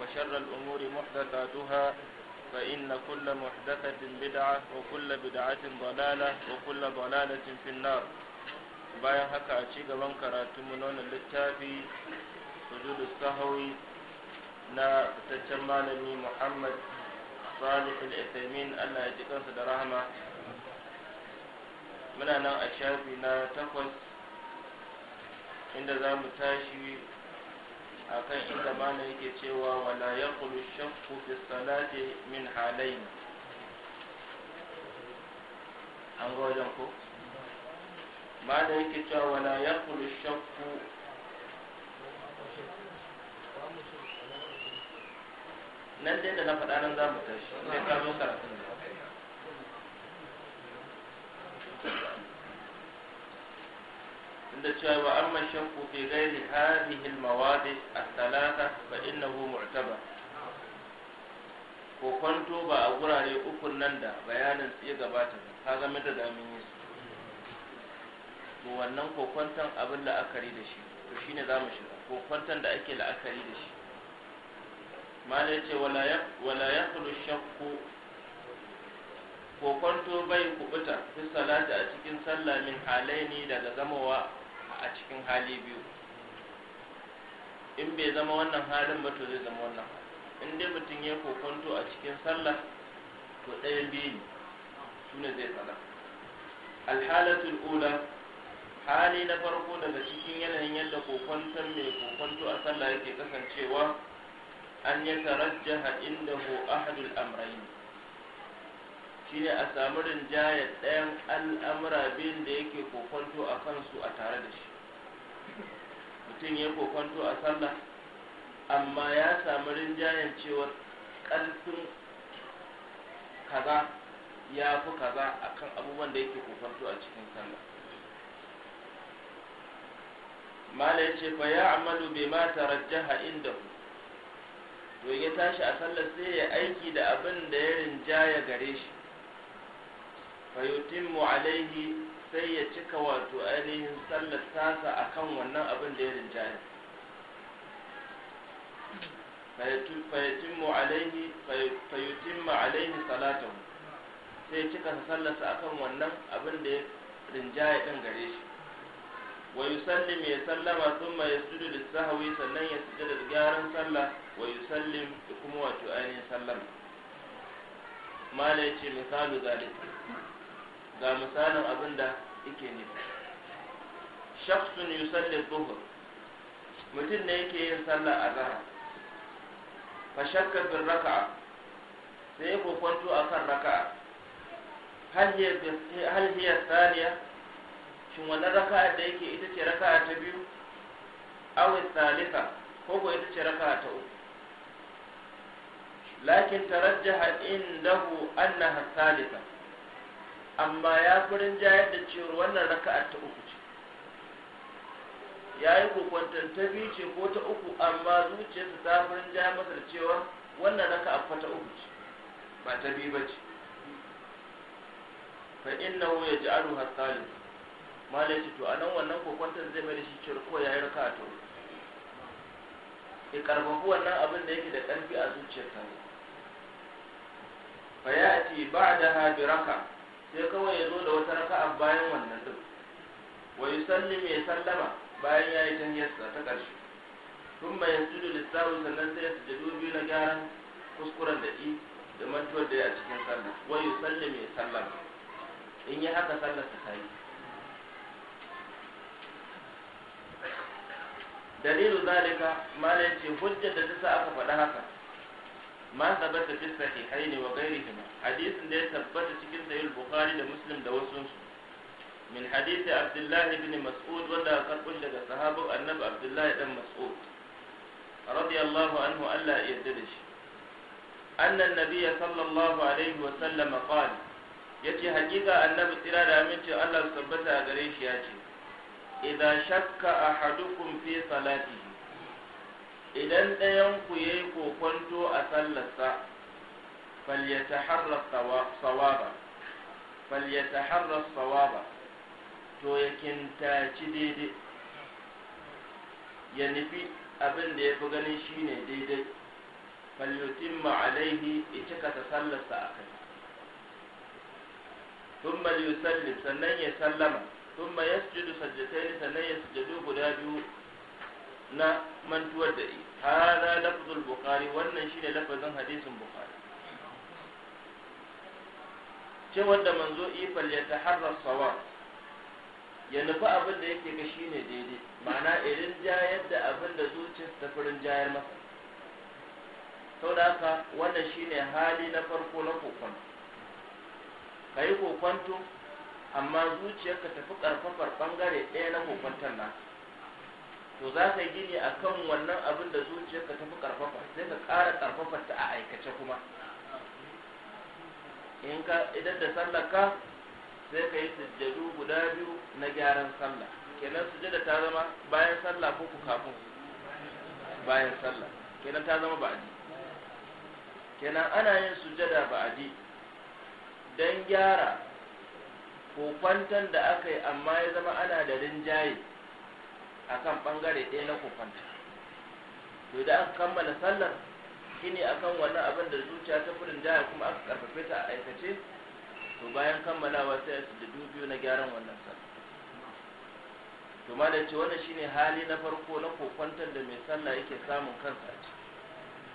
وشر الأمور محدثاتها فإن كل محدثة بدعة وكل بدعة ضلالة وكل ضلالة في النار bayan haka a ci gaban karatu na wannan littafi sujudu sahawi na fitaccen malami muhammad salih al-ithaimin allah ya ji kansa da rahma. muna nan a shafi na takwas inda zamu tashi akan inda mana yake cewa wala yaqulu shakku fi salati min halayn an ga wajen ko mana yake cewa wala yaqulu shakku nan dai da na faɗa nan za mu tashi sai ka zo karatun da cewa wa amma shakku fi gairi hadhihi al-mawadi as-salata fa innahu mu'tabar ko kwanto ba a gurare uku nan da bayanin su gabata ba ka zama da damin yi to wannan kokwanton abin la'akari da shi to shine za mu shiga kokwanton da ake la'akari da shi malai ce wala ya kulu shakku kokwanto bai kubuta fi salati a cikin sallah min halaini daga zamowa a cikin hali biyu in bai zama wannan halin ba to zai zama wannan in dai mutum ya kokonto a cikin sallah to ɗaya biyu ne su ne zai tsada alhalatul ula hali na farko daga cikin yanayin yadda kokonton mai kokonto a sallah yake kasancewa an ya tarajjaha indahu ahadul Shi ne a samu rinjaya ɗayan al'amura biyun da yake kokonto a kansu a tare da shi mutum ya kokonto a sallah amma ya samu rinjayen cewar ƙarfin kaza ya fi kaza a kan abubuwan da yake kokonto a cikin sallah mala ya ce fa ya amalu bai ma tarajjaha inda to ya tashi a sallar sai ya aiki da abin da ya rinjaya gare shi fa yutimmu alaihi sai ya cika wato ainihin sallar tasa a kan wannan abin da ya rinjaye fayyutimmu alaihi salatahu sai ya cika sallarsa a kan wannan abin da ya rinjaye ɗin gare shi wa yusallim ya sallama ya yasjudu da sahwi sannan ya sujada da gyaran sallah wa yusallim kuma wato ainihin sallar mala ce misalu zalika ga misalin abinda yake nufi shakhsun yusalli dhuhr mutum ne yake yin sallar azhar fa shakka bil raka'a sai ya a kan raka'a hal hiya hal shin wannan raka'a da yake ita ce raka'a ta biyu Awi thalitha ko ko ita ce raka'a ta uku lakin tarajjaha indahu annaha salisa. amma ya furin jayar da cewar wannan raka'a ta uku ce ya yi kokwantar ta biyu ce ko ta uku amma zuciyarsa ta furin jayar masa da cewar wannan raka'a fa ta uku ce ba ta biyu ba ce fa alu yaj'alu hasalin malai ce to nan wannan kokwantar zai mai da shi cewar ko ya yi raka'a ta uku ke karfafi wannan abin da yake da ƙarfi a zuciyarsa ne fa ya da ha bi raka'a sai kawai ya zo da wata raka'a bayan wannan din wa yusallimu sallama bayan ya yi tahiyarsa ta Tun sun mai yasudu lissahu sannan sai ya sujudu biyu na gyaran kuskuren da da mantuwar da ya cikin sallah wa yusallimu ya sallama in yi haka sallar ta yi dalilu zalika malai ce hujjar da ta sa aka faɗa haka ma tabbata fi sahihaini wa ghairihima hadisin da ya tabbata cikin sahih bukhari da muslim da wasu min hadisi abdullah ibn mas'ud wanda karbun daga sahabu annabi abdullah dan mas'ud radiyallahu anhu Allah ya yarda shi annan nabiyya sallallahu alaihi wa sallam qala yace hakika annabi tsira da aminci Allah su tabbata gare shi yace idza shakka ahadukum fi salati idan ɗayan ku yi kokonto a sallarsa falyata harar sawa sawaba to ya kintaci daidai ya nufi abin da ya fi ganin shine daidai falyutimma ma'alaihi ya cika ta sallarsa a kai sannan ya sallama ليسلم ma ya ثم sajjatai sannan ya يسجدوا guda biyu na mantuwar da هذا لفظ البخاري wannan shine lafazin hadisin bukhari ce wanda manzo ifal ya ta sawa ya nufi abin da yake ga shine daidai ma'ana irin ja da abin da zuciya ta furin jayar masa sau da haka wannan shine hali na farko na kokon ka yi kokonto amma zuciyarka tafi karfafar bangare ɗaya na kokontan naka to za ka gini a kan wannan abin da zuciyarka ta fi karfafa sai ka ƙara karfafa ta a aikace kuma in ka idan da sallar ka sai ka yi sujjadu guda biyu na gyaran sallah kenan sujjada ta zama bayan sallah ko ku kafin bayan sallah kenan ta zama ba'adi kenan ana yin sujjada ba'adi don gyara ko kwantan da aka yi amma ya zama ana da rinjaye akan ɓangare ɗaya na kufanta to idan aka kammala sallar shine akan wannan abin da zuciya ta furin jaya kuma aka karfafe ta a aikace to bayan kammalawa sai a sujudu biyu na gyaran wannan sallar to ma da ce wannan shine hali na farko na kokwantar da mai sallah yake samun kansa a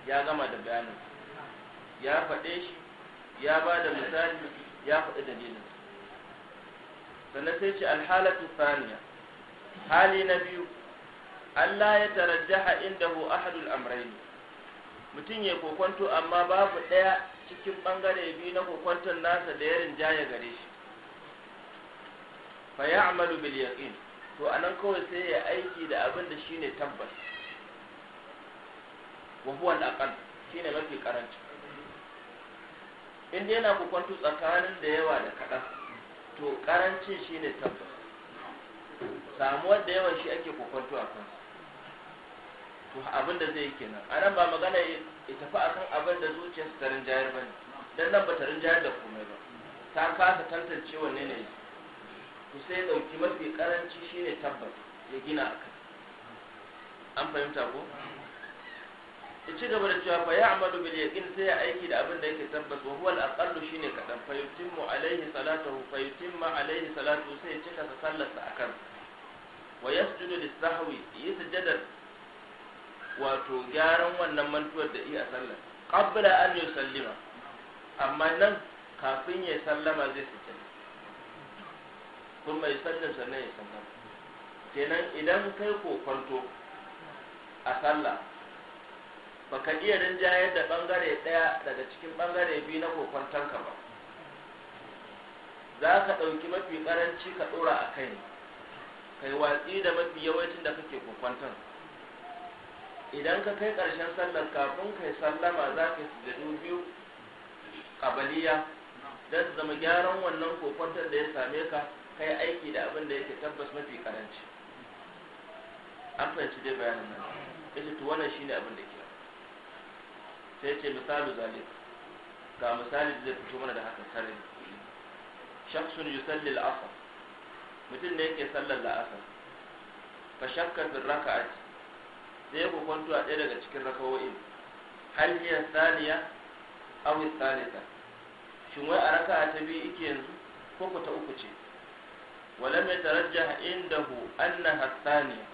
ya gama da bayanin ya faɗe shi ya ba da misali ya faɗi dalilin sannan sai ce alhalatu saniya hali na biyu Allah ya tarajjaha indahu ahadul amrayn mutun ya kokwanto amma babu ɗaya cikin ɓangare biyu na kokwanton nasa da ya jaya gare shi fa ya'malu bil yaqin to anan kawai sai ya aiki da abin da shine tabbas wa huwa al-aqal shine mafi karanci in dai yana kokwanto tsakanin da yawa da kaɗan to karancin shine tabbas samuwar da yawan shi ake kokonto a kansu to abin da zai kenan a nan ba magana ya tafi a kan abin da zuciyarsa ta rinjayar ba ne don nan ba ta rinjayar da komai ba ta kasa tantance wanne ne ku sai ɗauki mafi ƙaranci shine tabbat ya gina a kai an fahimta ko ya ci gaba da cewa fa ya'malu bil yaqin sai ya aiki da abin da yake tabbas wa huwa al shine kadan fa yutimmu alaihi salatuhu fa yutimma alaihi salatu sai ya cika sa sallarsa akan wa yasjudu lis-sahwi yi wato gyaran wannan mantuwar da iya sallar qabla an yusallima amma nan kafin ya sallama zai sujjada kuma ya sallar sannan ya sallama kenan idan kai ko kwanto a sallah baka iya rinjayar da bangare daya daga cikin bangare biyu na kokwantanka ba za ka ɗauki mafi ƙaranci ka ɗora a kai kai watsi da mafi yawancin da kake kokwantan idan ka kai ƙarshen sallar kafin kai sallama za ka sujadu biyu ƙabaliya don su zama gyaran wannan kokwantar da ya same ka kai aiki da abin da yake tabbas mafi ƙaranci an fahimci dai bayanin nan ita to wannan shine abin da sai ce misalu zalik ga misali da zai fito mana da haka sarri shakhsun yusalli al-asr mutum ne yake sallar la'asar fa shakka bin raka'ati sai ku kwanto a ɗaya daga cikin rakawo'in hal hiya thaniya aw thalitha shin wai a raka'a ta biyu yake yanzu ko ko ta uku ce walam yatarajjah indahu annaha thaniya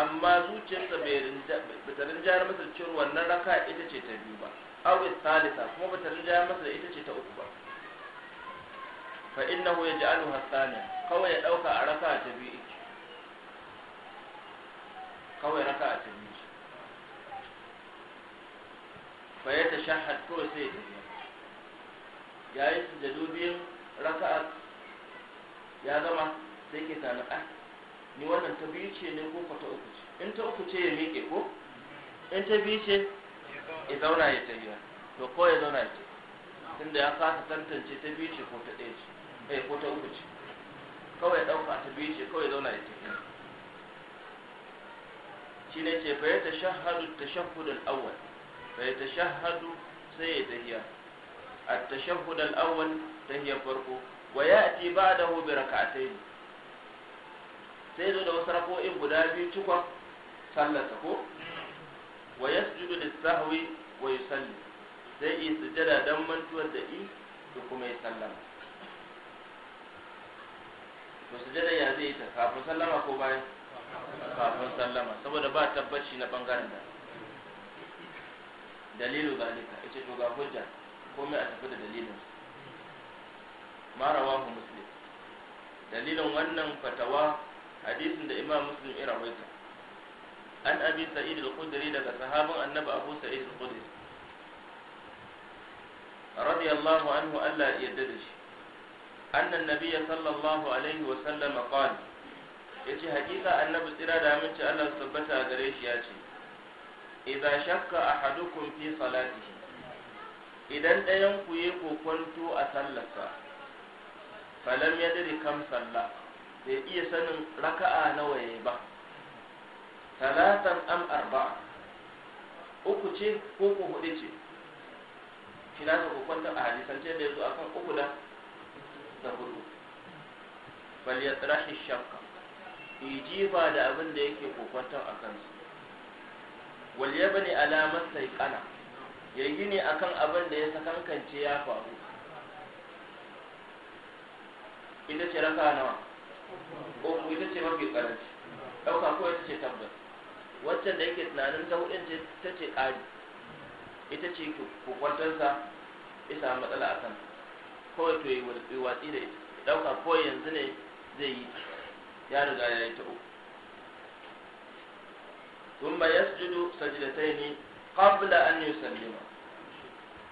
amma zuciyarsa bai ta rinjayar masa cewar wannan raka ita ce ta biyu ba aw salisa kuma bata ta masa da ita ce ta uku ba fa innahu yaj'alu hasana kawai ya dauka a raka ta biyu kawai raka ta biyu fa ya tashahhad ko sai ya yi sujadu biyun raka ya zama sai ke sanu ah ni wannan ta biyu ce ne ko ko ta uku ce in ta uku ce ya miƙe ko in ta biyu ce ya zauna ya tafiya to ko ya zauna ya tafiya tunda ya kasa tantance ta biyu ce ko ta ɗaya ce eh ko ta uku ce kawai ɗauka ta biyu ce kawai zauna ya tafiya shi ne ce fa ya ta shahadu ta shahudun awwal fa ya ta shahadu sai ya tafiya a ta shahudun ta hiyar farko wa ya ati ba da hobi raka'atai sai zo da wasu rako'in guda biyu cikon sallata ko wa su da sahawi wa salli? sai yi sujada don mantuwar da yi da kuma yi sallama su jada ya zai yi ta kafin sallama ko bayan kafin sallama saboda ba tabbaci na bangaren da dalilu zalika ita to ga hujja komai a tafi da dalilin Mara rawahu muslim dalilin wannan fatawa hadisin da imam muslim ya rawaita an abi sa'id al-khudri daga sahabin annabi abu sa'id al-khudri radiyallahu Allah ya da shi annan nabiyya sallallahu alaihi wa sallam qala yace hakika annabi tsira da aminci Allah tabbata gare shi yace idza shakka ahadukum fi idan ɗayan ku yi kokwanto a sallarsa falam yadri kam sallah bai iya sanin raka'a nawa yayi ba talatan am arba'a uku ce ko ko hudu ce shi na ka kwanta a hadisance da yazo akan uku da da hudu bal yatrahi shakka ijiba da abin da yake kokwantar a kansu wal yabni alamar sai kana ya gini akan abin da ya sakankance ya faru ita ce raka nawa uku ita ce mafi karanci ɗauka ko ita ce tabbas waccan da yake tunanin ta hudun ce ta ce ƙari ita ce ku ya isa matsala a kan kawai to yi watsi da ita ɗauka ko yanzu ne zai yi ya riga ya yi ta uku sajidatai ne سجدتين an yi sallima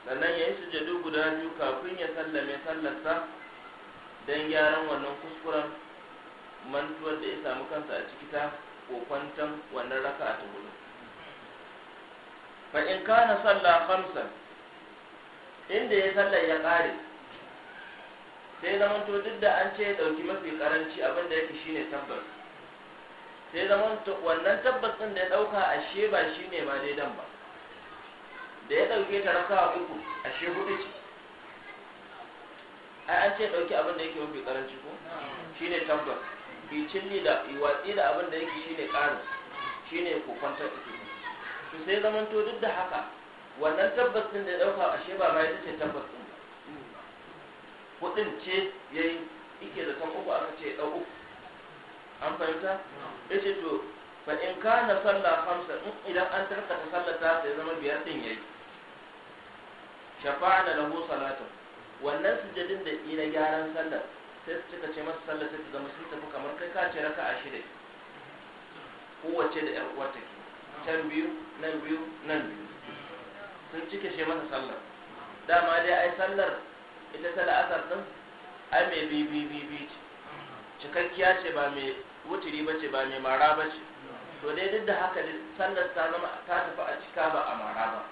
sannan ya yi sujudu guda biyu kafin ya sallame sallarsa don gyaran wannan kuskuren mantuwar da ya samu kansa a ciki ta kokwantan wannan raka ta hudu fa in kana salla khamsan inda ya salla ya kare sai zaman to duk da an ce ya dauki mafi karanci abin da yake shine tabbas sai zaman to wannan tabbas din da ya dauka ashe ba shine ma dan ba da ya dauke ta raka uku ashe hudu ce ai an ce dauki abin da yake mafi karanci ko shine tabbas yi cilli da yi watsi da abin da yake shine ƙarin shine ku kwantar da kuma to sai zamanto duk da haka wannan tabbas din da ya dauka ashe ba ma ita ce tabbas ɗin kudin ce ya yi ike da kan uku aka ce ɗau uku an fahimta ce to fa in ka na salla khamsa in idan an tarka ta sai zama biyar din shafa da lahu salatu wannan sujadin da ina gyaran sallar sai su cika ce masa sallar sai su zama sun tafi kamar kai ka ce raka a shida kowace da yar uwa take can biyu nan biyu nan biyu sun cike ce masa sallar dama dai ai sallar ita ta la'asar din ai mai bi bi bi bi ce cikakkiya ce ba mai wuturi ba ce ba mai mara ba ce to dai duk da haka sallar ta zama ta tafi a cika ba a mara ba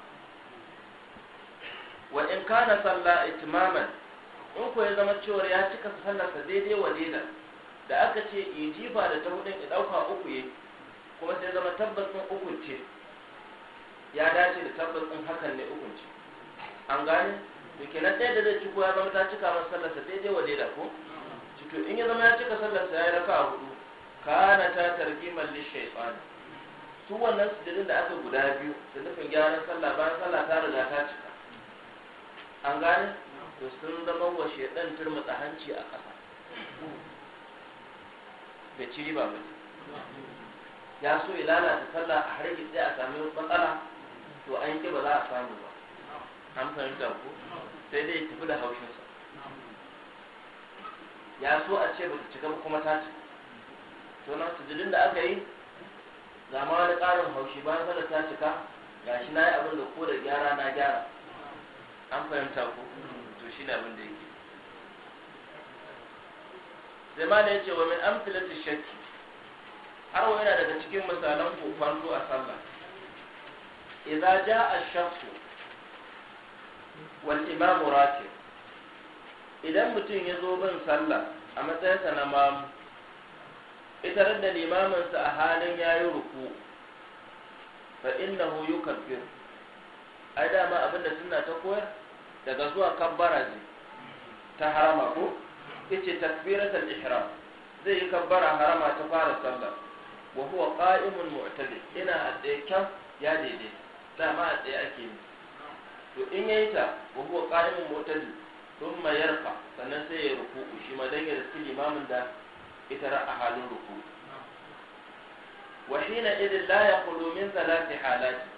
wa in kana sallah itmaman in ko ya zama cewar ya cika sallarsa daidai wa daidai da aka ce fa da ta hudun ya dauka uku ya kuma sai zama tabbas din uku ce ya dace da tabbas din hakan ne uku ce an gane to nan ɗaya da zai ci ko ya zama ta cika masa sallarsa daidai wa daidai ko to in ya zama ya cika sallarsa ya yi raka hudu kana ta targiman lishaifani su wannan sujudin da aka guda biyu da nufin gyaran sallah bayan sallah ta riga ta cika an gane to sun zama wa shaidan turmutsa hanci a ƙasa da ciri ba ba ya so ya lalata sallah a har sai a sami matsala to an ki ba za a samu ba an fahimta ko sai dai tafi da haushinsa ya so a ce ba ta cika ba kuma ta ci to na sujudin da aka yi zama ma wani ƙarin haushi ya sallah ta cika gashi na yi abin da ko da gyara na gyara an fahimta ko shi ne abin da yake zai ma da ce wa min shakki har wa yana daga cikin misalan kokwanto a sallah idza jaa ash-shakhs wal imam ratib idan mutum ya zo bin sallah a matsayinsa na mamu ita da limaminsa a halin yayi ruku fa innahu yukaffiru ai dama abinda sunna ta koyar daga zuwa kabbara ne ta harama ko yace takbiratul ihram zai yi kabbara harama ta fara sallah wa huwa qa'imun mu'tadi ina a tsaye kan ya daidai ma a tsaye ake ni. to in yayi ta wa huwa qa'imun mu'tadil ma yarfa sannan sai ya ruku shi ma dan ya riski limamin da ita ra'a halin ruku wa hina idan la yaqulu min thalathi halati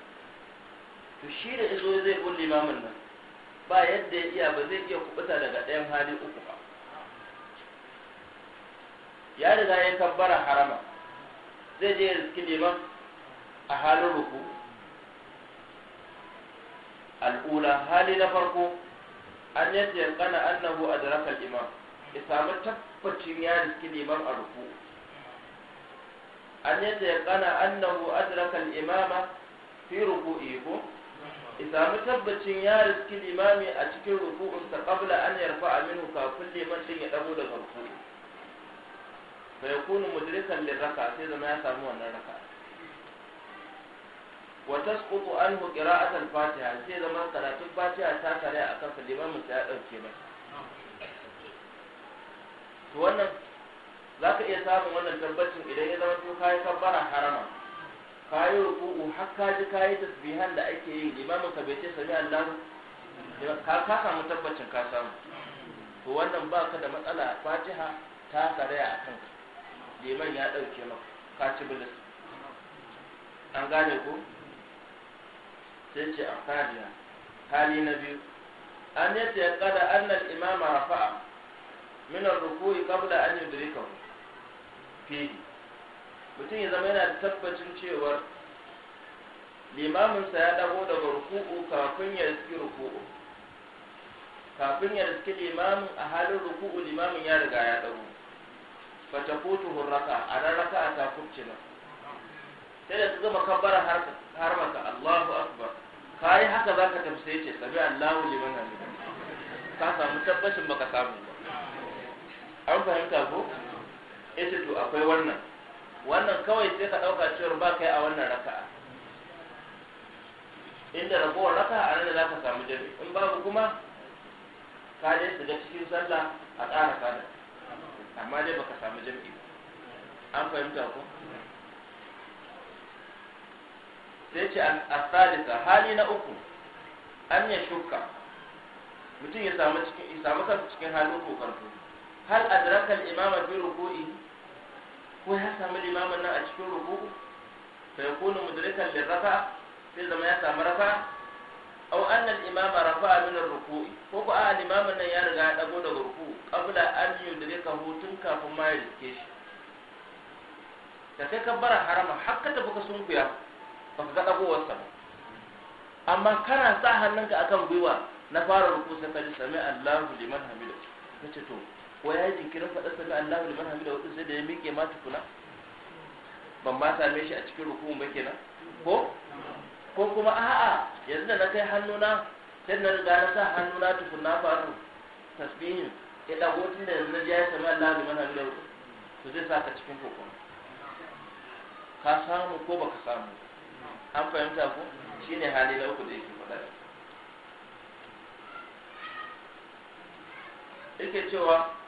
to shi da izo zai bin limamin nan ba yadda ya iya ba zai iya kubuta daga ɗayan hali uku ba ya riga ya kabbara harama zai je ya riski neman a halin ruku al'ula hali na farko an yadda ya kana annahu a darakar imam ya samu tabbacin ya riski neman a ruku an yadda ya kana annahu a darakar imama fi ruku'i ko isamu tabbacin ya riski limami a cikin ruku'unsa kabla an yarfa aminu kafin liman din ya dago daga ruku'u fa yakunu mudrikan liraka sai zama ya samu wannan raka wa tasqutu anhu qira'at al-fatiha sai zama karatun fatiha ta tare a kan limamin ta ya dauke ba. to wannan zaka iya samun wannan tabbacin idan ya zama to kai kabbara harama kayi ruku'u har ka ji kayi tasbihan da ake yi imamin ka bai ce sami Allah ka ka samu tabbacin ka samu to wannan ba ka da matsala Fatiha ta karaya a kanka liman ya dauke maka ka ci bilis an gane ko sai ce a kadiya hali na biyu an yadda ya kada annal imama rafa'a min ar-ruku'i qabla an yudrikahu fihi mutum ya zama yana da tabbacin cewar limaminsa ya dago daga ruku'u kafin ya riski ruku'u kafin ya riski limamin a halin ruku'u limamin ya riga ya dago fata kotu hurraka a ran raka a takubci nan sai da su gama kabbara har maka Allahu akbar yi haka ka tafsiye ce sabi Allahu liman hamida ka samu tabbacin baka samu ba an fahimta ko ita to akwai wannan wannan kawai sai ka ɗauka cewar ba kai a wannan raka'a inda ragowar raka'a a nan za ka samu jami in babu kuma ka je shiga cikin sallah a ƙara sada amma dai baka samu jam'i. ba an fahimta ko sai ce a sadisa hali na uku an ya shuka mutum ya samu cikin halin kokarto hal adrakal imama fi ruku'i ko ya samu limamin nan a cikin ruku'u fa yakunu mudrikan rafa sai zama ya samu rafa aw anna al-imama rafa'a min ar-ruku'i ko ko al-imamin nan ya riga ya dago daga ruku'u qabla an yudrikahu tun kafin ma ya rike shi da kai kabbara harama har ka tafi ka sunkuya ba ka ga wasa ba amma kana sa hannunka akan gwiwa na fara ruku sai ka ji sami Allahu liman hamidu. kace to ko ya yi jinkirin faɗar sami Allahu liman hamida wasu sai da ya miƙe ma tukuna ban ma same shi a cikin rukun ba kenan ko ko kuma a'a yanzu da na kai hannuna sai na riga na sa hannuna tukuna faru tasbihin ya ɗago tun da yanzu na ji ya sami Allahu liman hamida wasu, to zai sa ka cikin kokon ka samu ko baka samu an fahimta ko shine hali na uku da yake faɗa yake cewa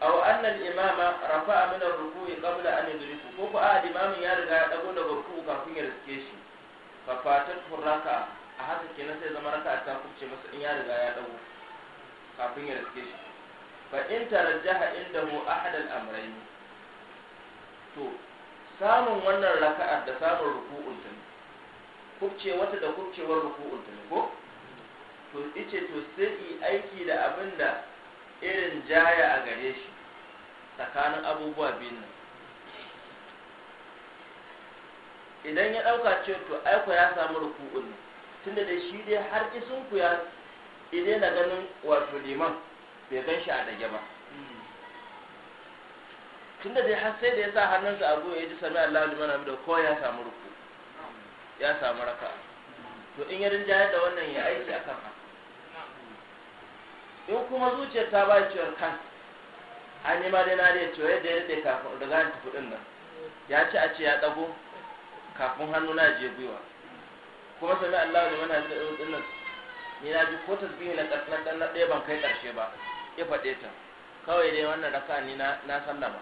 aw anna al-imama rafa'a min ar-ruku'i qabla an yudriku ko ko a limamin ya riga ya dago daga ruku'u kafin ya riske shi fa fatatu raka'a a haka kenan sai zama raka'a ta kubce masa in ya riga ya dago kafin ya riske shi fa in tarajjaha indahu ahad al-amrayn to samun wannan raka'ar da samun ruku'un ta kubce wata da kubcewar ruku'un ta ko to ice to sai aiki da abinda irin jaya a gare shi tsakanin abubuwa biyun nan idan ya ɗauka ce to aiko ya samu rukun ne tunda da shi dai har isun ku ya idai na ganin wato liman bai gan shi a dage ba tunda dai har sai da ya sa hannunsa a goya ya ji sami Allah liman da ko ya samu ruku ya samu raka to in ya jaya da wannan ya aiki akan haka in kuma zuciyar ta ba ciwon kan an yi da dai na dai ciwo yadda ya daɗe kafin daga an tafi nan ya ci a ce ya ɗago kafin hannu na je gwiwa kuma sami Allah da mana da ɗin nan ni na ji ko tasbihi na ƙarfi na ɗaya ban kai ƙarshe ba ya faɗe ta kawai dai wannan raka ni na sallama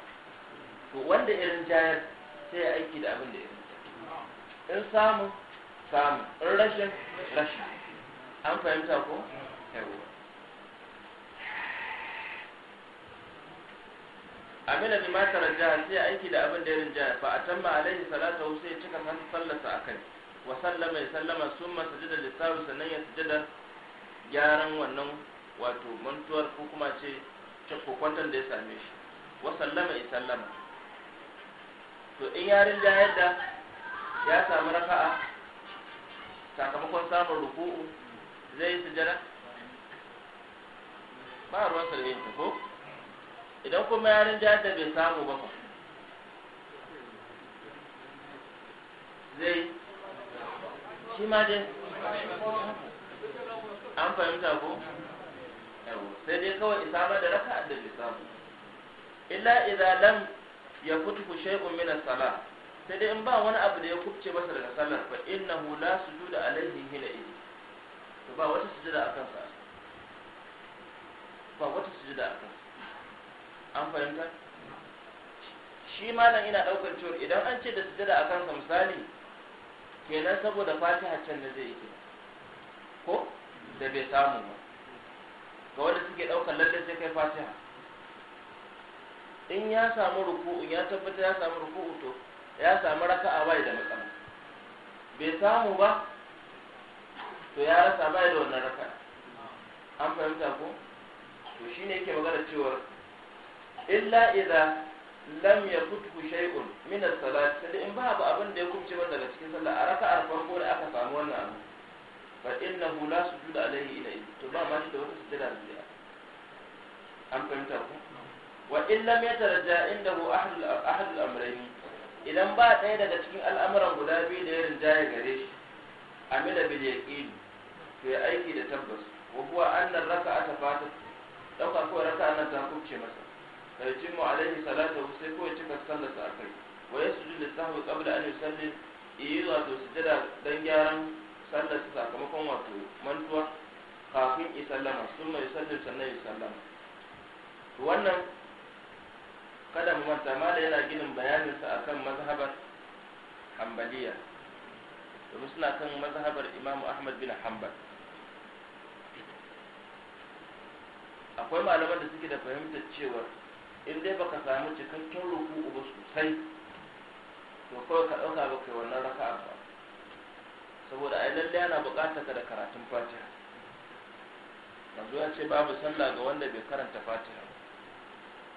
to wanda irin jayar sai ya aiki da abin da irin in samu samu in rashin rashin an fahimta ko yawwa abin da ma jihar sai aiki da abin da ya rinjaya fa atamma alaihi salatu sai cika san sallarsa akai wa sallama ya sallama summa sajada lisawi sannan ya sajada gyaran wannan wato mantuwar ko kuma ce cikokwantar da ya same shi wa sallama ya sallama to in ya rinjayar da ya samu raka'a sakamakon samun ruku'u zai yi sujada ba ruwan sa da yin ko idan kuma yarin jihar da bai samu ba ku. zai shi ma dai an fahimta ko sai dai kawai isama da raka da bai samu illa idan lam ya kutu shay'un min as-salah sai dai in ba wani abu da ya kubce masa daga sallar fa innahu la sujuda alaihi hina idi to ba wata sujuda akan sa ba wata sujuda akan an fahimta shi malam ina daukar cewa idan an ce da sujada a kan misali kenan saboda fatiha can da zai yi ko da bai samu ba ga wanda suke daukar lalle sai kai fatiha in ya samu ruku'u ya tabbata ya samu ruku'u to ya samu raka'a bai da matsala bai samu ba to ya rasa bai da wannan raka'a an fahimta ko to shine yake magana cewa illa idza lam yakuthu shay'un min as-salat sai in babu abin da ya kubce ba daga cikin sallah a raka'ar farko da aka samu wannan abu fa innahu la sujuda alayhi ila to ba ma shi da wata sujada da zai an fahimta ku wa in lam yatarajja indahu ahad ahad al-amrayn idan ba ɗaya daga cikin al'amuran guda biyu da ya rinjaye gare shi amila bil yaqin to ya aiki da tabbas wa huwa anna ar-raka'ata fatat dauka ko raka'a nan ta kubce masa fa yutimmu alaihi salatahu sai ko ya cika sallarsa akai wa yasjudu lisahwi qabla an yusallim yi wato sujada dan gyaran sallarsa sakamakon wato mantuwa kafin ya sallama sun mai sallim sannan ya to wannan kada mu manta mala yana ginin bayanin bayaninsa akan mazhabar hanbaliya domin suna kan mazhabar imamu ahmad bin hanbal akwai malaman da suke da fahimtar cewa in dai baka samu cikakken ruku'u ba sosai to kawai ka ɗauka ba kai wannan raka'a ba saboda ai lallai ana buƙatar ka da karatun fatiha yanzu ya ce babu sallah ga wanda bai karanta fatiha ba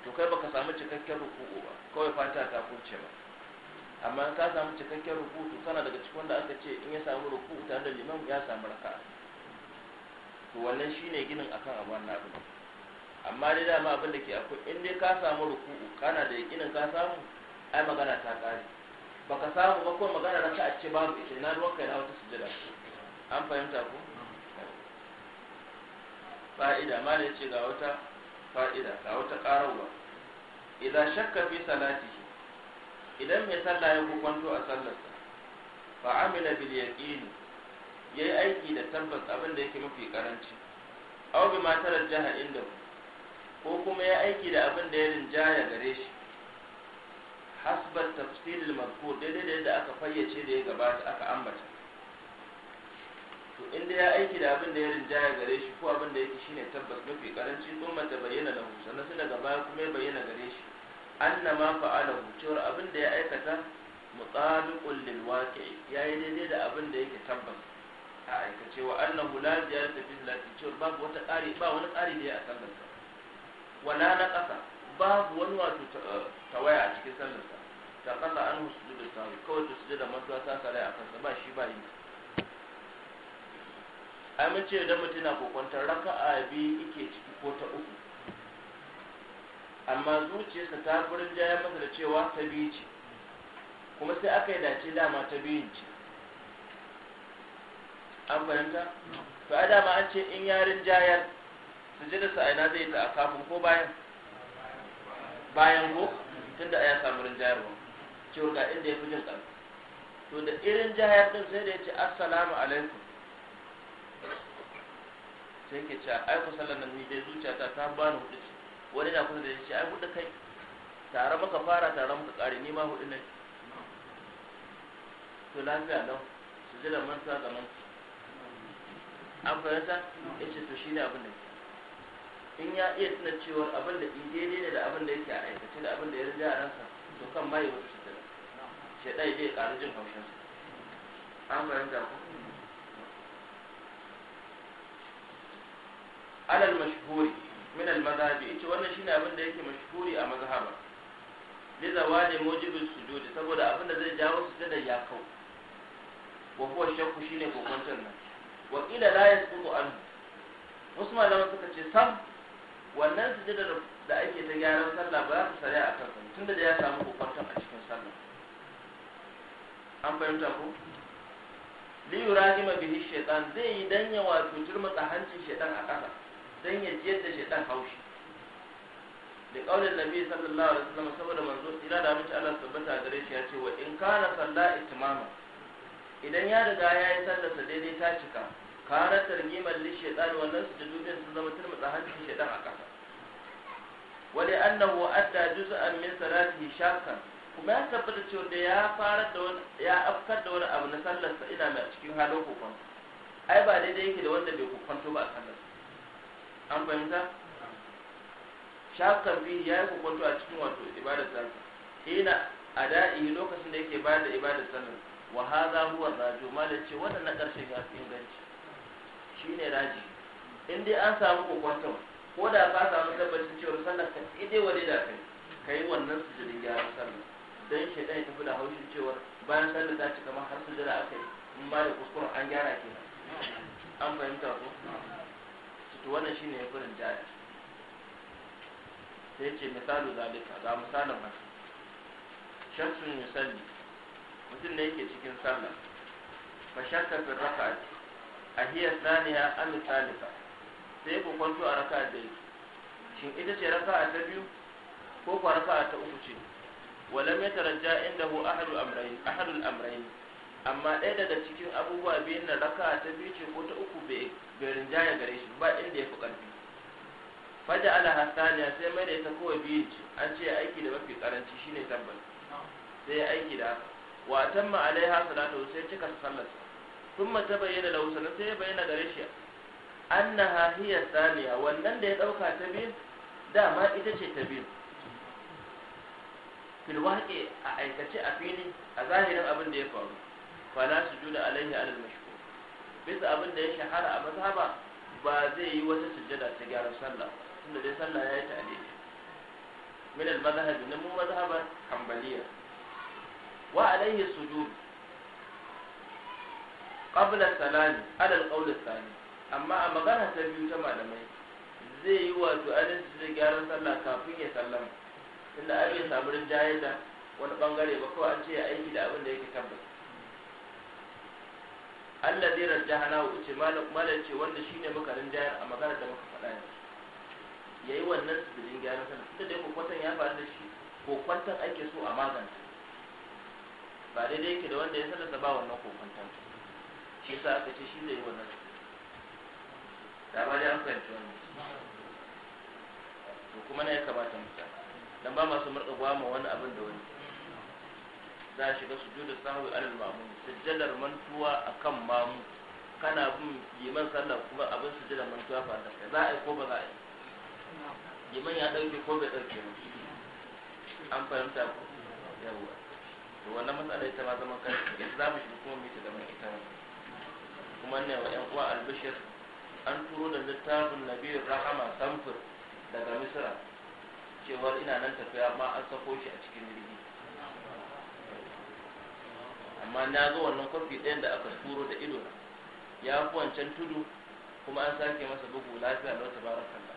to kai baka samu cikakken ruku'u ba kawai fatiha ta kuce ba amma ka samu cikakken ruku'u to kana daga cikin wanda aka ce in ya samu ruku tare da liman ya samu raka'a to wannan shine ginin akan abu wannan abu amma dai dama abin da ke akwai in dai ka samu ruku'u kana da yakinin ka samu ai magana ta kare baka samu ba kuma magana ranka a ce babu ita na ruwan kai na wata sujjada an fahimta ko fa'ida ma da yace ga wata fa'ida ga wata karawa idan shakka fi salati idan mai sallah ya kwanto a sallarsa fa amila bil yaqin yayi aiki da tabbas abin da yake mafi karanci aw bi ma tarajjaha inda ko kuma ya aiki da abin da ya rinjaya gare shi hasbar tafsiril mazkur daidai da yadda aka fayyace da ya gabata aka ambata to inda ya aiki da abin da ya rinjaya gare shi ko abin da yake shine tabbas mafi karanci ko mata bayyana lahu sannan sai daga baya kuma ya bayyana gare shi anna ma fa'ala hucewar abin da ya aikata mutsabiqun lil waqi'i yi daidai da abin da yake tabbas a aikace wa annahu la ziyarata fi lati babu wata ƙari ba wani ƙari da ya asallarsa wala na ƙasa babu wani wato eh, tawaya a cikin sallarsa ta ƙasa an musu da sahu kawai ta sujada mantuwa wata sarai a kansa ba shi ba yi ai mun ce da mutum na kokwantar a biyu ike ciki ko ta uku amma zuciyarsa ta gurin jaya masa da cewa ta biyu ce kuma sai aka yi dace dama ta biyun ce an fahimta to a dama an ce in yarin jayar sujudarsa a ina zai ta a kafin ko bayan bayan go tunda ya samu rinjayarwa cewar ga inda ya fi jin ƙarfi to da irin jihar din sai da ya ce assalamu alaikum sai ke ce ai ku sallan nan ni dai zuciyata ta bani hudu ce wani na kusa da ya ce ai hudu kai tare maka fara tare maka ƙari ni ma hudu ne to lafiya nan su ji da manta zaman an fahimta ya ce to shi ne abin da ke in ya iya tuna cewa abin da daidai ne da abin da yake a aikace da abin da ya riga a ransa to kan ma wata wuce da ɗaya zai ƙaru jin haushin su an fahimta ku alal mashhuri min al mazhabi ce wannan shine abin da yake mashhuri a mazhaba li zawali mujibin sujud saboda abin da zai jawo sujada ya kau wa huwa shakku shine kokon nan wa ila la yasbutu an wasu malaman suka ce sam wannan sujada da ake ta gyaran sallah ba za ta sare a kan tun da ya samu kokwanton a cikin sallah an fahimta ko Rahima bihi shaitan zai yi dan yawa wato turmutsa hancin shaitan a ƙasa dan ya jiyar da shaitan haushi da kaulin nabi sallallahu alaihi wasallam saboda manzo tsira da mutum Allah tabbata gare shi ya ce wa in kana sallah itimama idan ya riga ya yi sallar sa daidai ta cika kana tarjimar li shaytan wannan sujudin sun zama turmutsa hancin shaytan a kasa wali annahu adda juz'an min salatihi shakan kuma ya tabbata cewa da ya fara da wani ya afkar da wani abu na sallarsa ina mai cikin halin kokon ai ba daidai yake da wanda bai to ba a an fahimta shakar bihi ya yi to a cikin wato ibadar sallar ina ada'i lokacin da yake bayar da ibadar sallar wa hadha huwa raju malace ce wannan na karshe ya fi shine raji in dai an samu kokwanton ko da ka samu tabbacin cewa sallar ka dai wani da kai kai wannan su da gyaran sallar dan shaidan ya tafi da haushin cewa bayan sallar ta ci kamar har su jira aka yi in ba da kuskuren an gyara ke an fahimta ko to wannan shine ya furin jaya sai ce misalu zalika ga misalin haka shamsun yusalli mutum ne yake cikin sallah fa shakka fi raka'ati a hiya saniya am salisa sai ku kwanto a raka da yake shin ita ce raka'a ta biyu ko kuwa a ta uku ce wala yatarajja indahu inda amrayn ahadul amrayn amma ɗaya daga cikin abubuwa biyun na raka'a ta biyu ce ko ta uku bai rinjaya gare shi ba inda ya fi ƙarfi faja ala hasaniya sai mai da ita kowa biyu ce an ce aiki da mafi karanci shi ne tabbas sai aiki da haka wa tamma alaiha salatu sai cika sallarsa thumma tabayyana lahu sanan sai ya bayyana gare shi annaha hiya thaniya wannan da ya ɗauka ta biyu dama ita ce ta biyu Filwaƙe a aikace a fili a zahirin abin da ya faru fala sujuda alaihi alal mashkur bisa abin da ya shahara a mazhaba ba zai yi wata sujjada ta gyaran sallah tunda dai sallah ya yi ta min al mazhab na mu mazhaban hanbaliya wa alaihi sujud قبل salami على القول الثاني amma a magana ta biyu ta malamai zai yi wato ainihin su zai gyaran sallah kafin ya sallama tunda an yi samu rinjaye da wani bangare ba kawai an ce ya aiki da abin da yake tabbas Allah zai rajja na wuce malar ce a da wannan tsibirin gyaran sana tunda dai kokwatan ya faru da shi kokwatan ake so a maganta ba daidai yake da wanda ya da ba wannan kokwantan kisa aka ce shi zai yi wannan da ba da an fahimci to kuma na ya kamata mutane dan ba masu murɗa ma wani abin da wani za a shiga sujudu sahwi alal mamun sujjadar mantuwa kan mamu kana bin liman sallar kuma abin sujjadar mantuwa ba da za a yi ko ba za a yi liman ya ɗauke ko bai ɗauke ba an fahimta ko yawa to wannan matsala ita ma zaman da za mu shiga kuma mu yi ta gaban ita wani kuma ne wa yan uwa albishir an turo da littafin nabiyar rahama samfur daga misira cewar ina nan tafiya ma an sako shi a cikin jirgi amma na zo wannan kwafi ɗayan da aka turo da ido ya fi wancan tudu kuma an sake masa bugu lafiya lau tabaraka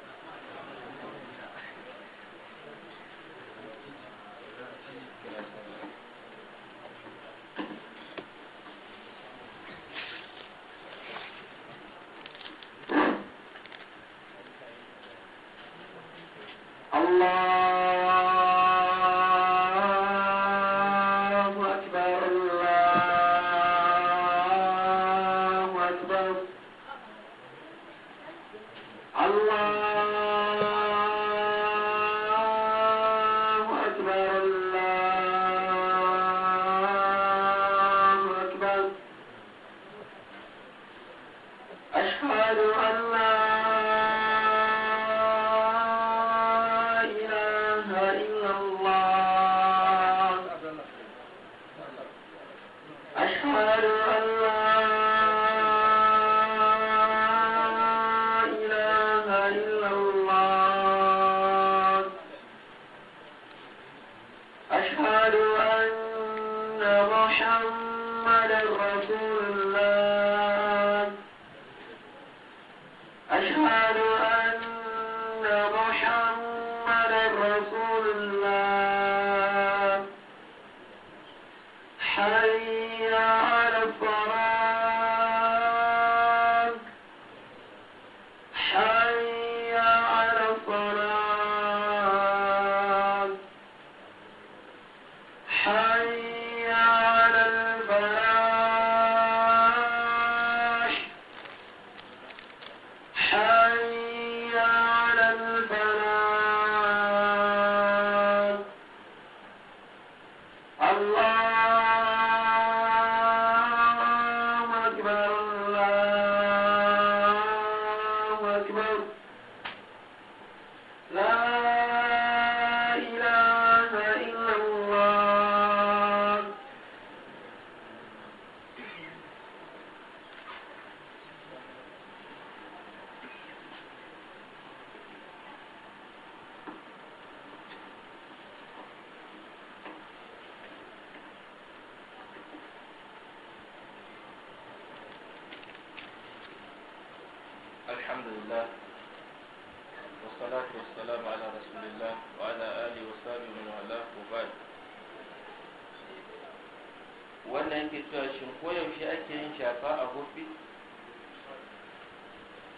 wannan yake cewa shin koyaushe ake yin shafa a hufi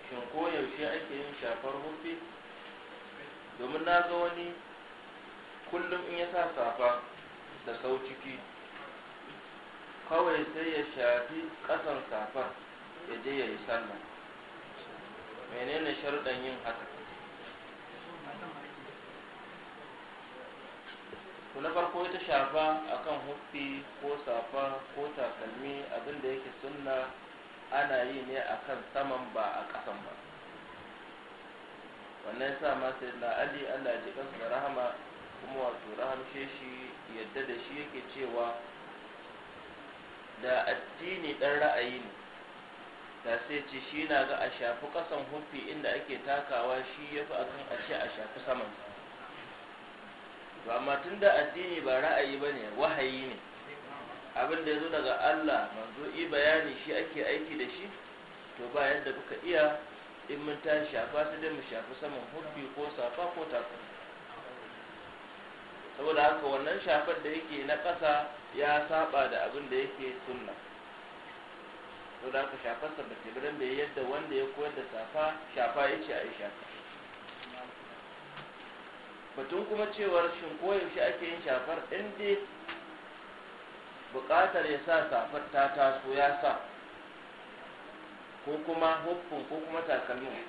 shin yaushe ake yin shafar hufi domin na ga wani kullum in ya sa safa da sau ciki kawai sai ya shafi kasan safar ya je ya yi sallah menene sharuɗan yin haka to na farko ita shafa akan huffi ko safa ko takalmi abinda da yake sunna ana yi ne akan saman ba a ƙasan ba wannan sa ma sai na ali Allah ji da rahama kuma wato rahamshe shi yadda da shi yake cewa da addini ɗan ra'ayi ne da sai ce shi na ga a shafi kasan hufi inda ake takawa shi yafi akan a a shafi saman to amma da addini ba ra'ayi bane wahayi ne abin da yazo daga Allah manzo i bayani shi ake aiki da shi to ba yadda kuka iya in mun ta shafa su dai mu shafi saman hubbi ko safa ko tafi saboda haka wannan shafar da yake na ƙasa ya saba da abin da yake sunna saboda haka shafarsa ba ta yadda wanda ya koyar da safa shafa yace a yi shafa batun kuma cewar shin koyin shi ake yin shafar ɗin dai buƙatar ya sa safar ta taso ya sa ko kuma huffin ko kuma takalmin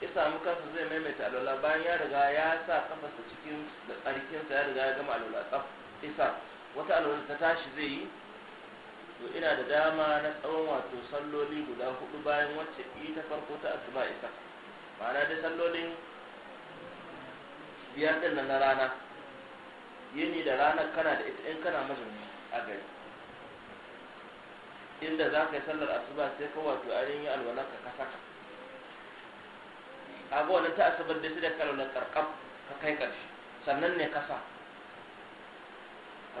ya samu kansa zai maimaita alola bayan ya riga ya sa kafasta cikin da tsarkinsa ya riga ya gama alola tsaf isa wata alola ta tashi zai yi to ina da dama na tsawon wato salloli guda hudu bayan wacce ita farko ta asuba isa ma'ana dai sallolin biyar din nan na rana yini da ranar kana da ita in kana mazuni a gari inda za ka yi sallar asuba sai ka wato a yi alwalar ka saka a ga wannan ta asabar da su da kalwalar karkam ka kai karshe sannan ne kasa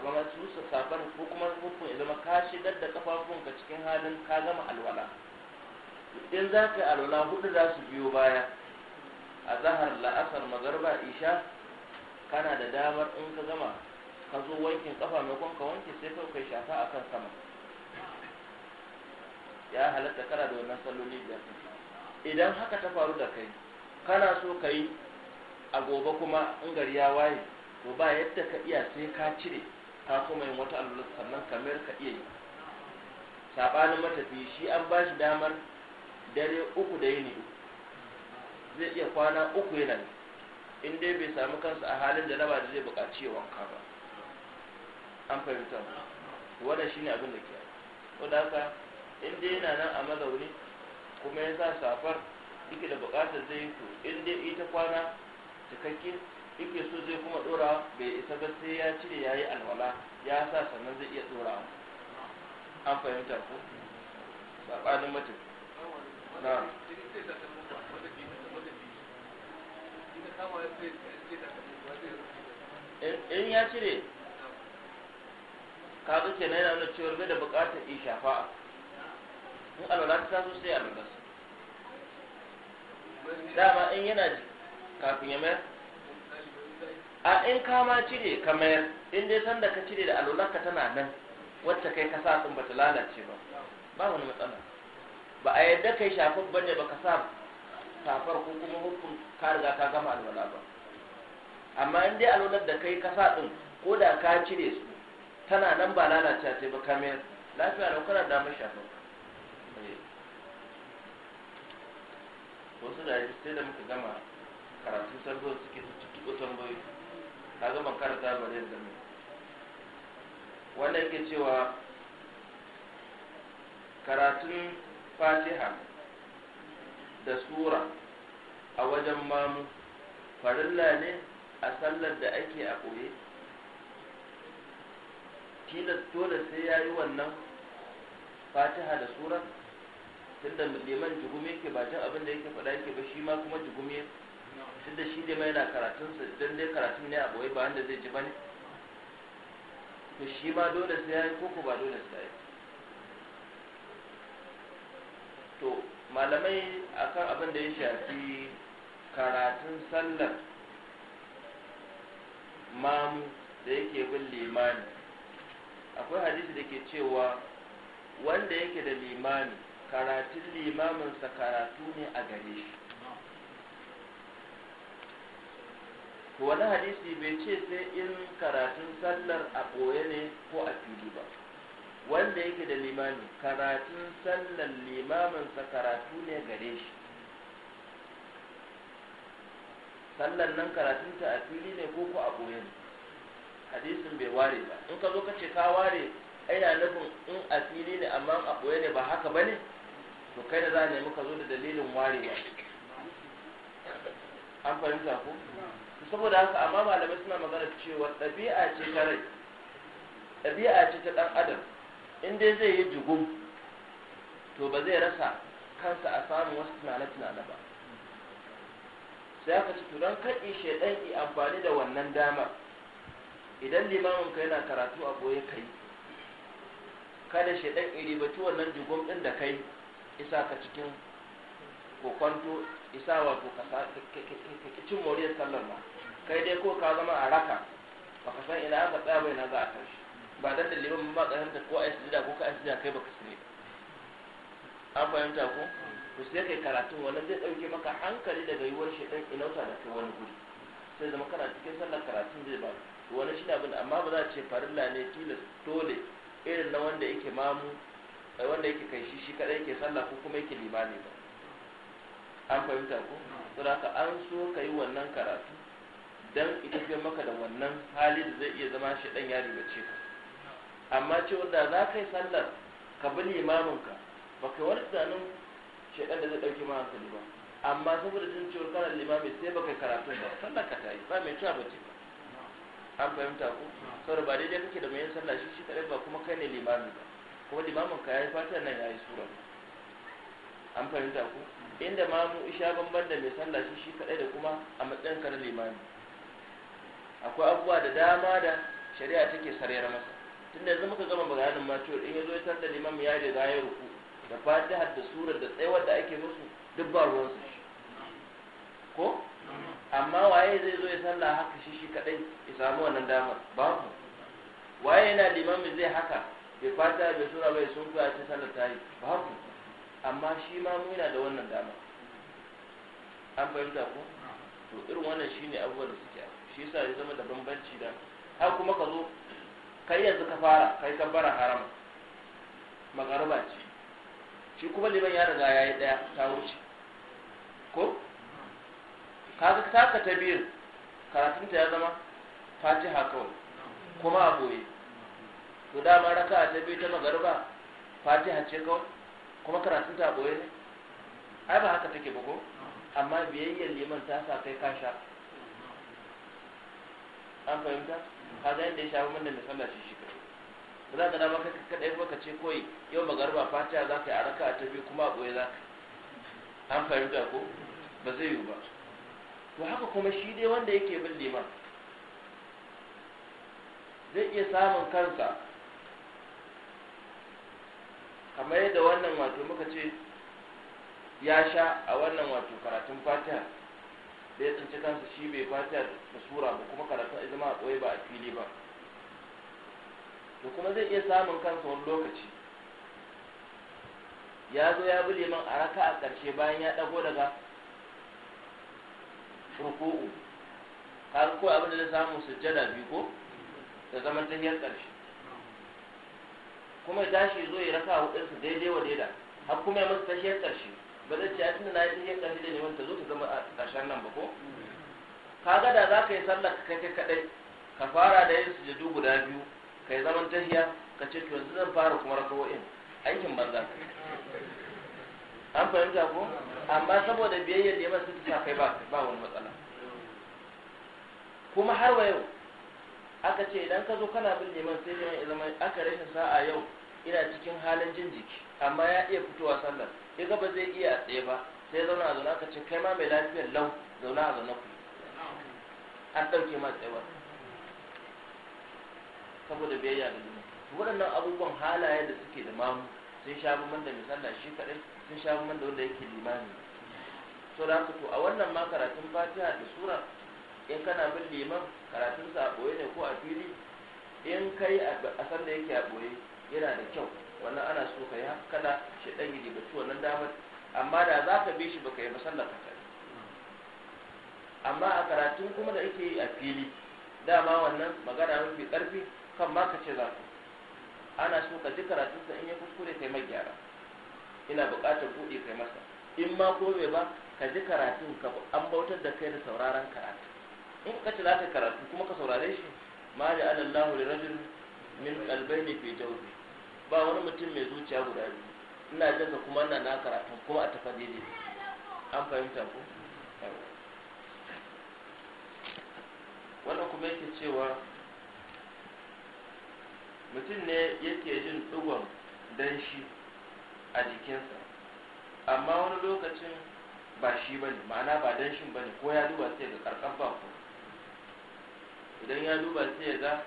amma su su safar ko kuma hukun ya zama ka shigar da kafafunka cikin halin ka gama alwala in za ka yi alwala hudu za su biyo baya a zahar la'asar magarba isha kana da damar in ka gama ka zo wankin kafa mai kwanka wanke sai kai kai shafa a kan sama ya halatta kana da wannan salloli biyar idan haka ta faru da kai kana so ka yi a gobe kuma in gari ya waye to ba yadda ka iya sai ka cire ka kuma yin wata alwala sannan ka mayar ka iya yi sabanin matafi shi an ba shi damar dare uku da yini uku zai iya kwana uku yana ne in dai bai sami kansa a halin da raba da zai buƙaci wanka ba an fahimta shi shine abin da ke wanda haka in dai yana nan a mazauni kuma ya sa safar ike da buƙatar zai yi ku. in dai ita kwana cikakke ike so zai kuma dora bai isa ba sai ya cire ya yi alwala ya sa sannan zai iya dora an fahimta ku. saɓanin mutum na in ya cire kaga na yana nuna cewar bai da buƙatar in shafa'a in alwala ta taso sai a su dama in yana kafin ya mayar a in kama cire ka mayar in dai sanda ka cire da ka tana nan wacce kai ka sa sun bata lalace ba ba wani matsala ba a yadda kai shafin bane ba ka sa safar ko kuma hukun ka riga ka gama alwala ba amma in dai alwalar da kai kasa din ko da ka cire su tana nan ba lalata ta ba kamar lafiya da kana da mashi shafa eh. wasu da sai da muka gama karatu sarbo suke tuttuɓo bai ka gama karata ba zai zama wanda yake cewa karatun fatiha da sura a wajen mamu farilla ne a sallar da ake a ɓoye tilas dole sai ya yi wannan fatiha da sura tunda liman jigumi yake ba jin abin da yake faɗa yake ba shi ma kuma jigumi tunda shi ne ma yana karatunsa don dai karatun ne a ɓoye ba wanda zai ji ba ne to shi ma dole sai ya yi koko ba dole sai ya yi malamai akan abin da ya shafi karatun sallar mamu da yake bin limani akwai hadisi da ke cewa wanda yake da limani karatun limaminsa karatu ne a gare shi wani hadisi bai ce sai in karatun sallar a ɓoye ne ko a fili ba wanda yake da limami karatun sallan limaminsa karatu ne gare shi sallan nan karatunta a fili ne ko ko a ɓoye ne hadisin bai ware ba in ka zo ka ce ka ware aina nufin in a fili ne amma a ɓoye ne ba haka ba ne to kai da za a nemi ka zo da dalilin warewa an fahimta ko saboda haka amma malamai suna magana cewa ɗabi'a ce ta rai ɗabi'a ce ta ɗan adam in dai zai yi jugum to ba zai rasa kansa a samun wasu tunane-tunane ba sai aka ci turan kaɗi shaidan yi amfani da wannan damar idan limamin ka yana karatu a goye kai kada shaidan iri baci wannan jugum ɗin da kai isa ka cikin kokwanto isa wato ka cin moriyar sallar ba kai dai ko ka zama a raka ba ka san ina aka tsaya bai na za a tashi ba dan da liman ba hanta ko ai sujuda ko ka ai sujuda kai baka sani ba an fahimta ko to sai kai karatu wannan zai dauke maka hankali daga yiwuwar shedan inauta da kai wani guri sai zama kana cikin sallar karatu zai ba wani shi abin amma ba za a ce farilla ne tilas dole irin na wanda yake mamu eh, wanda yake kai shi shi kadai yake sallah ko kuma yake limani ba an fahimta ko saboda an so ka yi wannan karatu dan ita maka da wannan hali da zai iya zama shi dan ya ribace ka amma ce da za ka yi sallar ka bi limaminka ba ka wani tunanin shaidan da zai ɗauki ma hankali ba amma saboda jin cewar kana limami sai ba kai karatun ba sallar ka tayi ba mai cewa ba ce ba an fahimta ku saboda ba daidai kake da mai yin sallah shi shi kaɗai ba kuma kai ne limami ba kuma limamin ka ya yi fatan nan ya yi sura an fahimta ku inda ma mu isha banban da mai sallah shi shi kaɗai da kuma a matsayin ka na limami akwai abubuwa da dama da shari'a take sarayar masa tun da muka gama bayanin ma cewa in ya zo ya limam ya yi da ruku da fatihar da surar da tsayawar da ake musu duk ba ruwan su ko amma waye zai zo ya sallah haka shi shi kadai ya samu wannan damar ku waye yana limam zai haka ya fata da sura bai sun kuya ce sallar Ba ku amma shi ma mu yana da wannan damar an fahimta ko to irin wannan shine abubuwan da suke shi yasa ya zama da bambanci da har kuma ka zo kai yanzu ka fara kai ka bara harama magaruba ce shi kuma liman ya riga yayi daya ta wuce ko ka taka ta biyu karatun ta ya zama fatiha haka kuma a boye to dama raka ta biyu ta magaruba fatiha ce kawai kuma karatun ta a boye ne ai ba haka take ba ko amma biyayyar liman ta sa kai ka an fahimta kaga yadda ya shafi mun da sallah shi shi kai ba za ka dama kai kaɗai ba ka ce koyi yau magarba fatiha za ka yi a raka a biyu kuma a ɓoye za ka an fahimta ko ba zai yiwu ba to haka kuma shi dai wanda yake bin liman zai iya samun kansa kamar yadda wannan wato muka ce ya sha a wannan wato karatun fatiha da ya tsinci kansa shi bai fata da sura ba kuma karatu a zama a tsoye ba a fili ba to kuma zai iya samun kansa wani lokaci ya zo ya bi neman a raka a ƙarshe bayan ya ɗago daga ruku'u har ko abin da samu sujjada biyu ko da zaman tahiyar ƙarshe kuma ya tashi zo ya raka hudunsa daidai wa daida har kuma ya masa tahiyar ƙarshe ba zai ce a tunda na yi ɗin yankan da neman ta zo ta zama a ƙarshen nan ba ko ka ga da za ka yi sallar ka kai kaɗai ka fara da yin sujadu guda biyu ka yi zaman tahiya ka ce to yanzu zan fara kuma rakawo'in aikin banza an fahimta ko amma saboda biyayyar da sun ta kai ba wani matsala kuma har wa yau aka ce idan ka zo kana bin neman sai neman ya zama aka rashin sa'a yau ina cikin halin jin jiki amma ya iya fitowa sallar ya gaba zai iya a tsaye ba sai zauna a zauna aka ce kai ma mai lafiyar lau zauna a zauna ku an ɗauke ma tsaye saboda biyayya da juna waɗannan abubuwan halaye da suke da mamu sun sha bamban da misalla shi kaɗai sun sha bamban da wanda yake limani so da haka to a wannan ma karatun fatiha da sura in kana bin liman karatunsa a ɓoye ne ko a fili in kai a san da yake a ɓoye yana da kyau wannan ana so ka yi haka kada shi dan yi ribatu wannan damar amma da za ka bi shi ka yi ba sallar kai amma a karatun kuma da ake yi a fili dama wannan magana mafi karfi kan ma ka ce za ka ana so ka ji karatunsa in ya kuskure kai mai gyara ina buƙatar buɗe kai masa in ma ko ba ka ji karatun ka an bautar da kai da sauraron karatu in ka ci za ka karatu kuma ka saurare shi ma da alallahu li min qalbayni fi jawfi ba wani mutum mai zuciya guda biyu ina jin ka kuma ina na karatu kuma a tafa daidai an fahimta ko wannan kuma yake cewa mutum ne yake jin dugon danshi a jikinsa amma wani lokacin ba shi ba ne ma'ana ba danshin ba ko ya duba sai ga ƙarƙar ba idan ya duba sai ya ga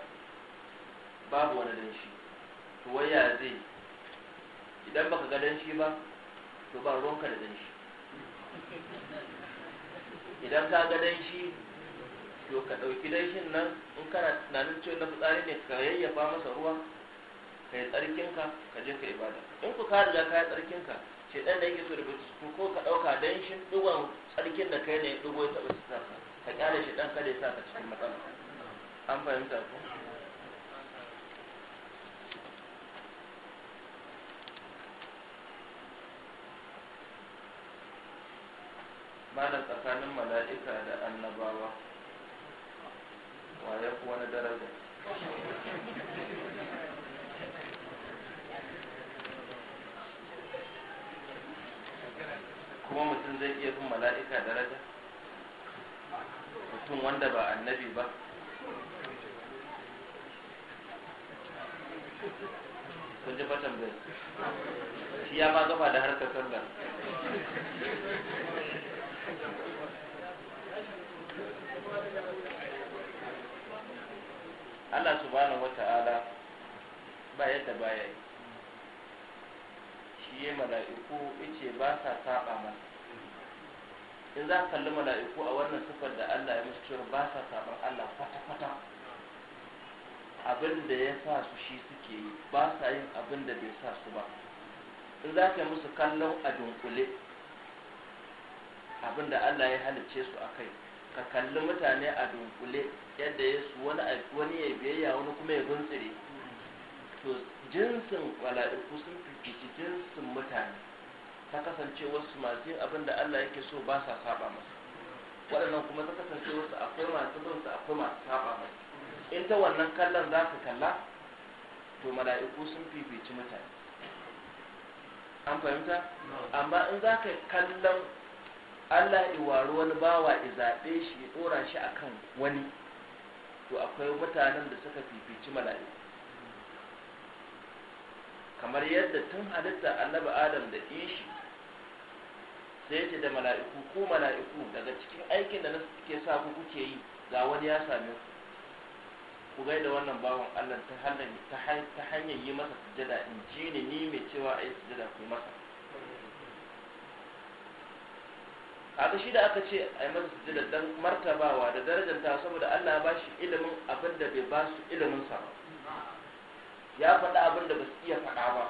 babu wani danshi to waya zai idan baka ga danshi ba to ba ruwanka da danshi idan ka ga danshi to ka ɗauki danshin nan in kana tunanin cewa na fitsari ne ka yayyafa masa ruwa ka yi tsarkinka ka je ka ibada in ku ka riga ka yi tsarkinka ce ɗan da yake so da ku ko ka ɗauka danshin ɗigon tsarkin da kai ne ya ɗigo ya taɓa ka ka ƙyale shi ɗan kada ya sa ka cikin matsala an fahimta ko malam tsakanin mala'ika da annabawa waye ku wani daraja kuma mutum zai iya fin mala'ika daraja mutum wanda ba annabi ba kun ji fatan bai shi ya ma gaba da harkar sallar Allah subhanahu ala ba yadda baya yi shi yi mala'iku ce ba sa saba masa in za ka kalli mala'iku a wannan sufar da Allah ya musu cewa ba sa saban Allah kwata-kwata abin da ya sa su shi suke yi ba sa yin abin da bai sa su ba in za ka yi musu kallon a dunkule abin da Allah ya halicce su a kai ka kalli mutane a dunkule yadda ya su wani wani ya biyayya wani kuma ya guntsire to jinsin mala'iku sun fifici jinsin mutane ta kasance wasu masu yin abin da Allah yake so ba sa saba masa waɗannan kuma ta kasance wasu akwai masu bin su akwai masu saba masa in ta wannan kallon za ka kalla to mala'iku sun fifici mutane an fahimta amma in za ka kallon Allah ya waru wani bawa ya zaɓe shi ya ɗora shi a kan wani to akwai mutanen da suka fifici mala'iku kamar yadda tun halitta annabi adam da ishi sai ce da mala'iku ko mala'iku daga cikin aikin da ke sa ku kuke yi ga wani ya same ku ku gai da wannan bawan Allah ta hanyar yi masa sujada in ji ni ni mai cewa ai sujada ku masa haka shi da aka ce yi masa sujjada dan martabawa da darajar ta saboda Allah ya shi ilimin abin da bai ba su ilimin sa ba ya faɗa abin da ba su iya faɗa ba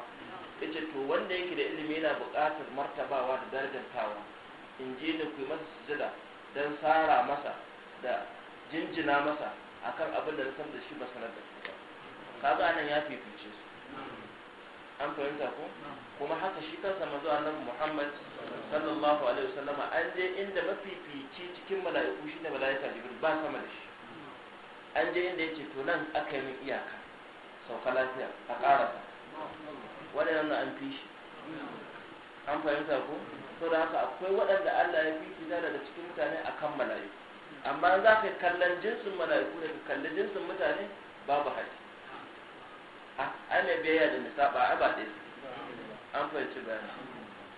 yace to wanda yake da ilimi yana buƙatar martabawa da darajar tawa in je ni ku masa sujada dan sara masa da jinjina masa akan abin da na san da shi ba sanar da shi ba kaga anan ya fifice su an fahimta ko kuma haka shi kansa zuwa annabi Muhammad sallallahu alaihi wasallama an je inda mafifici cikin mala'iku ne mala'ika Jibril ba sama da shi an je inda yace to nan aka yi iyaka sauka lafiya a ƙara wannan an fi shi an fahimta ko to da haka akwai waɗanda Allah ya fi fita daga cikin mutane akan mala'iku amma za ka kallon jinsin mala'iku daga kallon jinsin mutane babu haji ai mai biyayya da nisaba ai ba ɗaya an fahimci bayani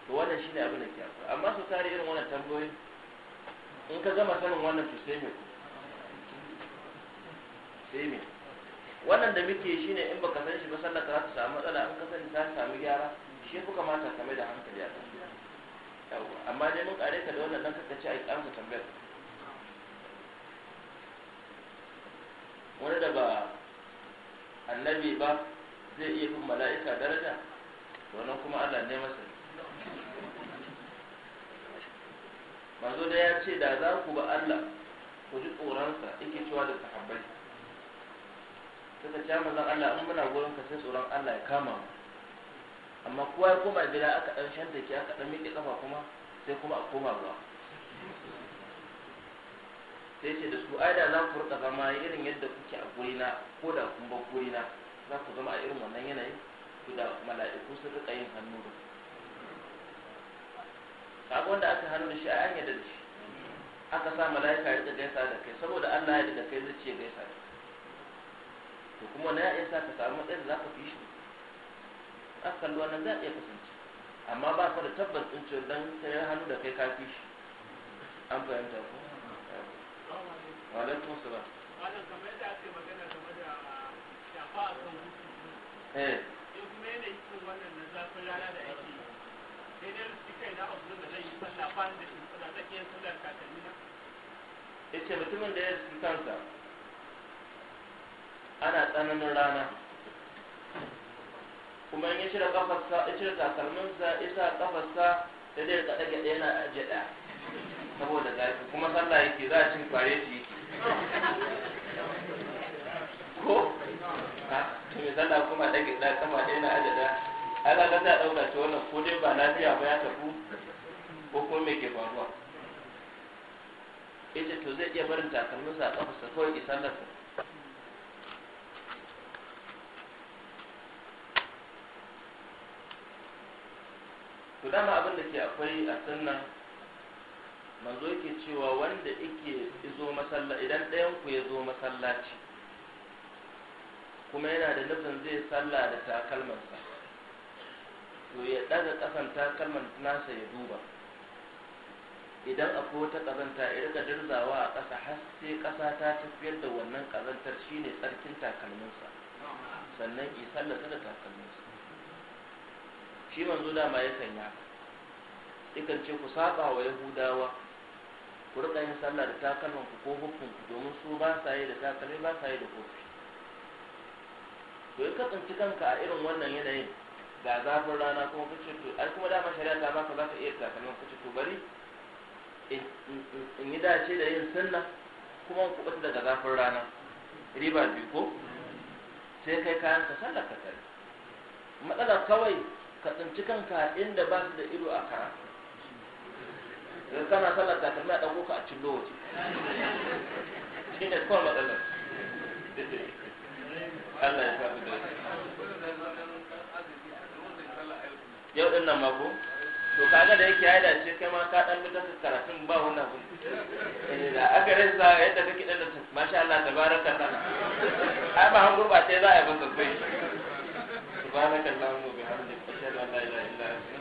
to wannan shine abin da ke akwai amma su tare irin wannan tambayoyi in ka gama sanin wannan to sai me sai me wannan da muke shi ne in baka san shi ba sallar za ta samu matsala in ka sani ta samu gyara shi fi kamata ka mai da hankali a kan yawa amma dai mun kare ka da wannan dan ka ci a amsa tambayar wani da ba annabi ba zai iya bin mala'ika daraja wannan kuma Allah ne masa manzo da ya ce da za ku ba Allah ku ji tsoronsa yake cewa da sahabbai suka ce mazan Allah in muna gurin ka sai tsoron Allah ya kama mu amma kowa ya koma gida aka dan shanta ki aka ɗan miƙe kafa kuma sai kuma a koma ba sai ce da su ai da za ku rika zama irin yadda kuke a gurina ko da kun ba gurina za ku zama a irin wannan yanayi ku da mala'iku sun rika yin hannu da kaga wanda aka hannu da shi a yan yadda da shi aka sa mala'ika ya gaisa da kai saboda Allah ya da kai zai ce gaisa da to kuma na ya sa ka samu matsayin da za ka fi shi a kalli wannan za a iya kasance amma ba ka da tabbas ɗin cewa dan sai hannu da kai ka fi shi an fahimta ko alaikum a eh. na ba mutumin da ya rufi kansa ana tsananin rana kuma in ya cire kafarsa ya cire takalminsa ya sa kafarsa da zai ka ɗage yana ajiye ɗaya saboda zafi kuma sallah yake za a cin fare shi ko to me zana kuma dage da kama dai na adada ana ga da dauka to wannan ko dai ba lafiya ba ya tafi ko kuma me ke faruwa yace to zai iya barin takalmin sa kafa kawai ki sallar sa to dama abin da ke akwai a sunnan manzo yake cewa wanda yake izo masallaci idan ɗayan ku ya zo masallaci kuma yana da nufin zai salla da takalmansa to ya ɗaga ƙasan takalman nasa ya duba idan akwai wata ƙazanta ya rika dirzawa a ƙasa har sai ƙasa ta tafiyar da wannan ƙazantar shine tsarkin takalminsa sannan yi sallata da takalminsa shi manzo dama yakan yi haka ikan ce ku saba wa yahudawa ku rika yin sallah da takalman ku ko hukun ku domin su ba sa yi da takalmi ba sa yi da kofi to ya kasance kanka a irin wannan yanayin ga zafin rana kuma kace to ai kuma dama shari'a ta baka za ka iya takalmin kace to bari in yi dace da yin sunna kuma ku bata daga zafin rana riba biyu ko sai kai kayan ka sallar ka tare matsala kawai ka tsinci kanka inda ba su da ido a karatu in kana sallar ta tafiya ɗan ka a cillo waje shi ne kawai matsalar Allah ya sa da yau ɗin nan mako to kaga da yake ya ce kai ma ka ɗan mutar karatun ba wannan abin eh, da aka rasa yadda kake ɗan da masha Allah tabaraka ta ai ba han sai za a yi ba sabbai subhanakallahumma wa bihamdika ashhadu an la ilaha illa anta